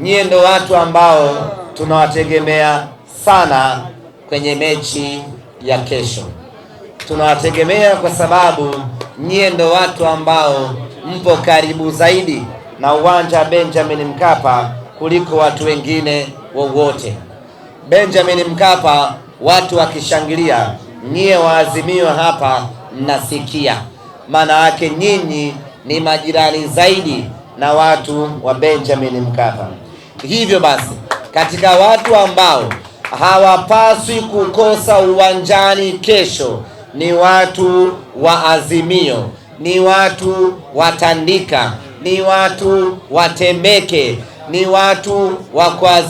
nyie ndo watu ambao tunawategemea sana kwenye mechi ya kesho. Tunawategemea kwa sababu nyie ndo watu ambao mpo karibu zaidi na uwanja wa Benjamin Mkapa kuliko watu wengine wowote. Benjamin Mkapa watu wakishangilia, nyie waazimiwa hapa mnasikia. Maana yake nyinyi ni majirani zaidi na watu wa Benjamin Mkapa. Hivyo basi, katika watu ambao hawapaswi kukosa uwanjani kesho ni watu wa Azimio, ni watu wa Tandika, ni watu wa Temeke, ni watu wa kwa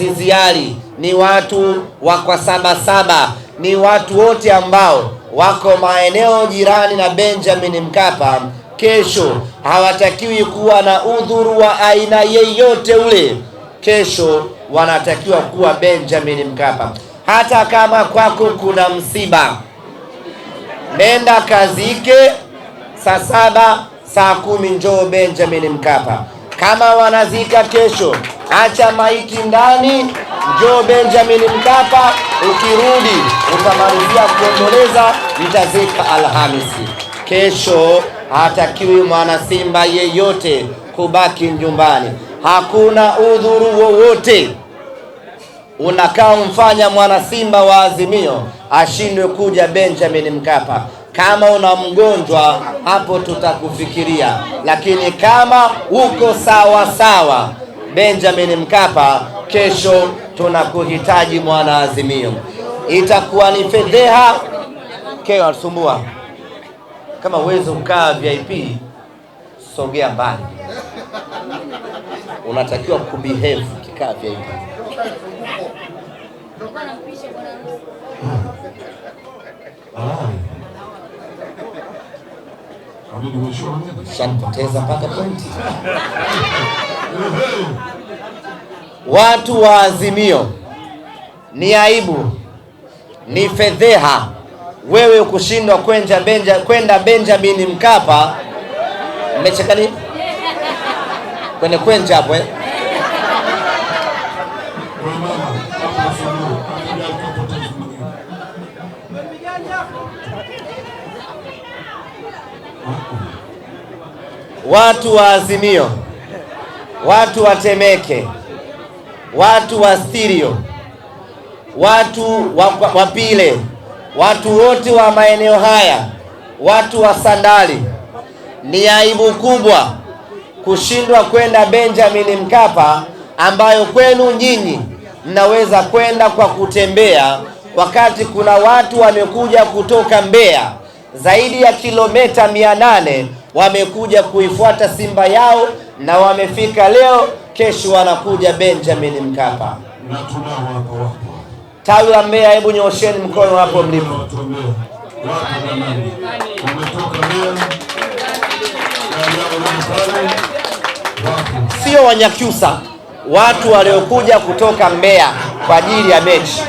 ni watu wa kwa Sabasaba, ni watu wote ambao wako maeneo jirani na Benjamin Mkapa kesho hawatakiwi kuwa na udhuru wa aina yeyote ule. Kesho wanatakiwa kuwa Benjamin Mkapa. Hata kama kwako kuna msiba, nenda kazike saa saba, saa kumi njoo Benjamin Mkapa. Kama wanazika kesho, acha maiti ndani, njoo Benjamin Mkapa. Ukirudi utamalizia kuomboleza, itazika Alhamisi kesho hatakiwi mwanasimba yeyote kubaki nyumbani. Hakuna udhuru wowote unakaa mfanya mwanasimba wa Azimio ashindwe kuja Benjamin Mkapa. Kama una mgonjwa hapo, tutakufikiria, lakini kama uko sawa sawa Benjamin Mkapa, kesho tunakuhitaji mwana Azimio. Itakuwa ni fedheha keo asumbua kama uwezo ukaa VIP, sogea mbali, unatakiwa kubehave kikaa VIP. Shanipoteza mpaka pointi. Watu wa Azimio ni aibu, ni fedheha wewe kushindwa kwenda benja kwenda Benjamin Mkapa, mmecheka nini? kwenye kwenja hapo eh? Watu wa Azimio, watu wa Temeke, watu wa Stirio, watu wa Wapile watu wote wa maeneo haya, watu wa Sandali, ni aibu kubwa kushindwa kwenda Benjamin Mkapa, ambayo kwenu nyinyi mnaweza kwenda kwa kutembea, wakati kuna watu wamekuja kutoka Mbeya zaidi ya kilomita mia nane wamekuja kuifuata Simba yao na wamefika leo, kesho wanakuja Benjamin Mkapa. Tawi la Mbeya, hebu nyosheni mkono hapo mlipo. Sio Wanyakyusa, watu waliokuja kutoka Mbeya kwa ajili ya mechi.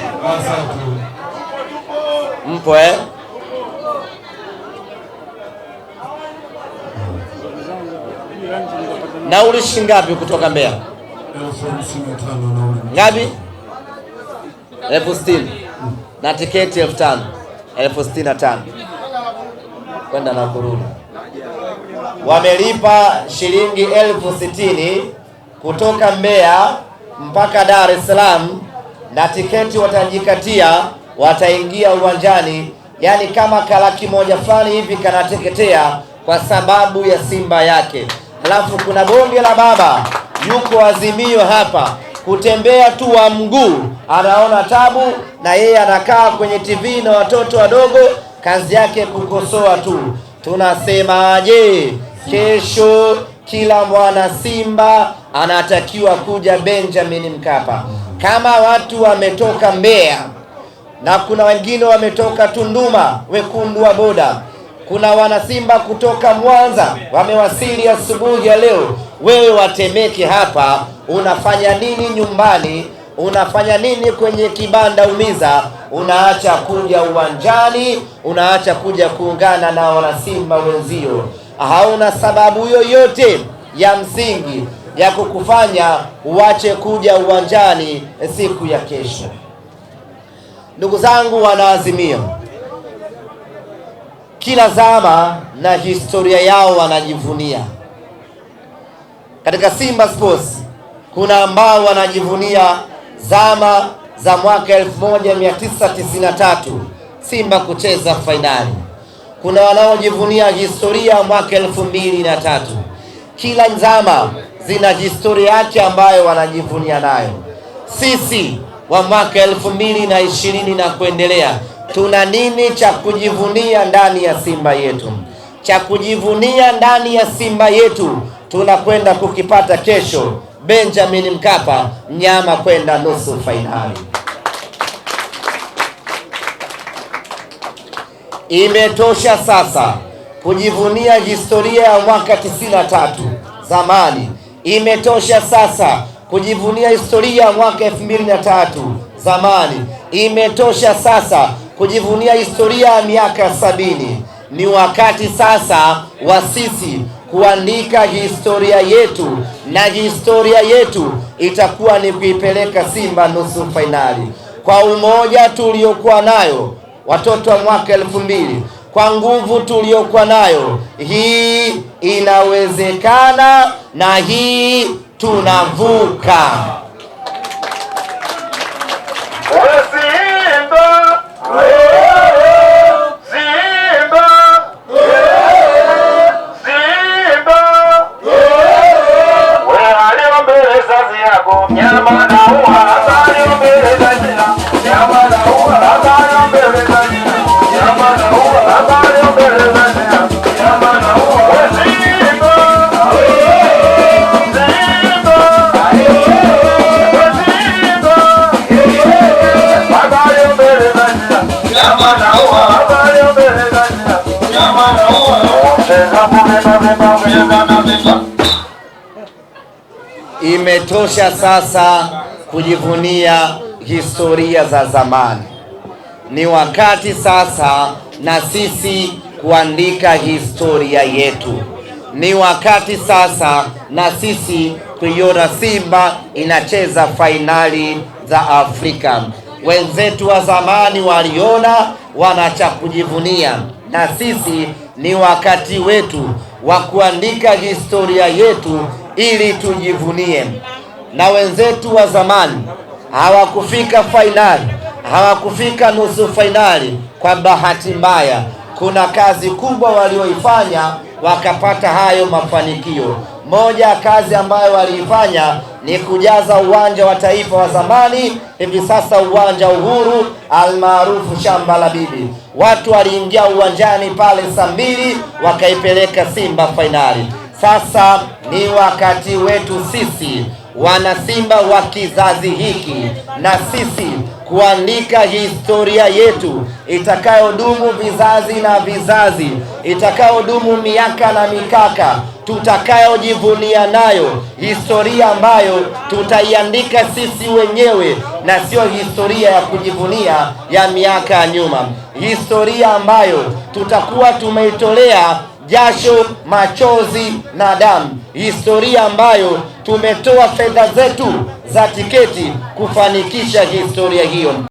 Mpo eh? na ulishi ngapi kutoka Mbeya? ngapi elfu sitini na tiketi elfu tano elfu sitini na tano kwenda na kurudi. Wamelipa shilingi elfu sitini kutoka Mbeya mpaka Dar es Salaam, na tiketi watajikatia, wataingia uwanjani, yani kama kalaki moja fulani hivi kanateketea kwa sababu ya Simba yake. Halafu kuna bonge la baba yuko Azimio hapa kutembea tu wa mguu, anaona tabu, na yeye anakaa kwenye TV na watoto wadogo, kazi yake kukosoa tu. Tunasemaje? Kesho kila mwana Simba anatakiwa kuja Benjamin Mkapa. Kama watu wametoka Mbeya na kuna wengine wametoka Tunduma, wekundu wa boda kuna wanasimba kutoka Mwanza wamewasili asubuhi ya, ya leo. Wewe watemeke hapa unafanya nini nyumbani? Unafanya nini kwenye kibanda umiza? Unaacha kuja uwanjani, unaacha kuja kuungana na wanasimba wenzio. Hauna sababu yoyote ya msingi ya kukufanya uache kuja uwanjani siku ya kesho. Ndugu zangu wanaazimia kila zama na historia yao wanajivunia. Katika Simba Sports kuna ambao wanajivunia zama za mwaka 1993 Simba kucheza fainali, kuna wanaojivunia historia mwaka elfu mbili na tatu. Kila zama zina historia yake ambayo wanajivunia nayo. Sisi wa mwaka elfu mbili na ishirini na kuendelea Tuna nini cha kujivunia ndani ya Simba yetu? Cha kujivunia ndani ya Simba yetu tunakwenda kukipata kesho Benjamin Mkapa, mnyama kwenda nusu fainali. Imetosha sasa kujivunia historia ya mwaka 93 zamani. Imetosha sasa kujivunia historia ya mwaka tatu zamani. Imetosha sasa kujivunia historia ya miaka sabini. Ni wakati sasa wa sisi kuandika historia yetu, na historia yetu itakuwa ni kuipeleka Simba nusu fainali kwa umoja tuliokuwa nayo watoto wa mwaka elfu mbili kwa nguvu tuliokuwa nayo, hii inawezekana na hii tunavuka. Imetosha sasa kujivunia historia za zamani. Ni wakati sasa na sisi kuandika historia yetu. Ni wakati sasa na sisi kuiona Simba inacheza fainali za Afrika. Wenzetu wa zamani waliona, wana cha kujivunia, na sisi ni wakati wetu wa kuandika historia yetu ili tujivunie. Na wenzetu wa zamani hawakufika fainali, hawakufika nusu fainali kwa bahati mbaya. Kuna kazi kubwa walioifanya wakapata hayo mafanikio. Moja ya kazi ambayo waliifanya ni kujaza uwanja wa taifa wa zamani, hivi sasa uwanja Uhuru almaarufu shamba la bibi. Watu waliingia uwanjani pale saa mbili wakaipeleka Simba fainali. Sasa ni wakati wetu sisi wanasimba wa kizazi hiki na sisi kuandika historia yetu itakayodumu vizazi na vizazi, itakayodumu miaka na mikaka, tutakayojivunia nayo, historia ambayo tutaiandika sisi wenyewe na sio historia ya kujivunia ya miaka ya nyuma, historia ambayo tutakuwa tumeitolea jasho, machozi na damu, historia ambayo tumetoa fedha zetu za tiketi kufanikisha historia hiyo.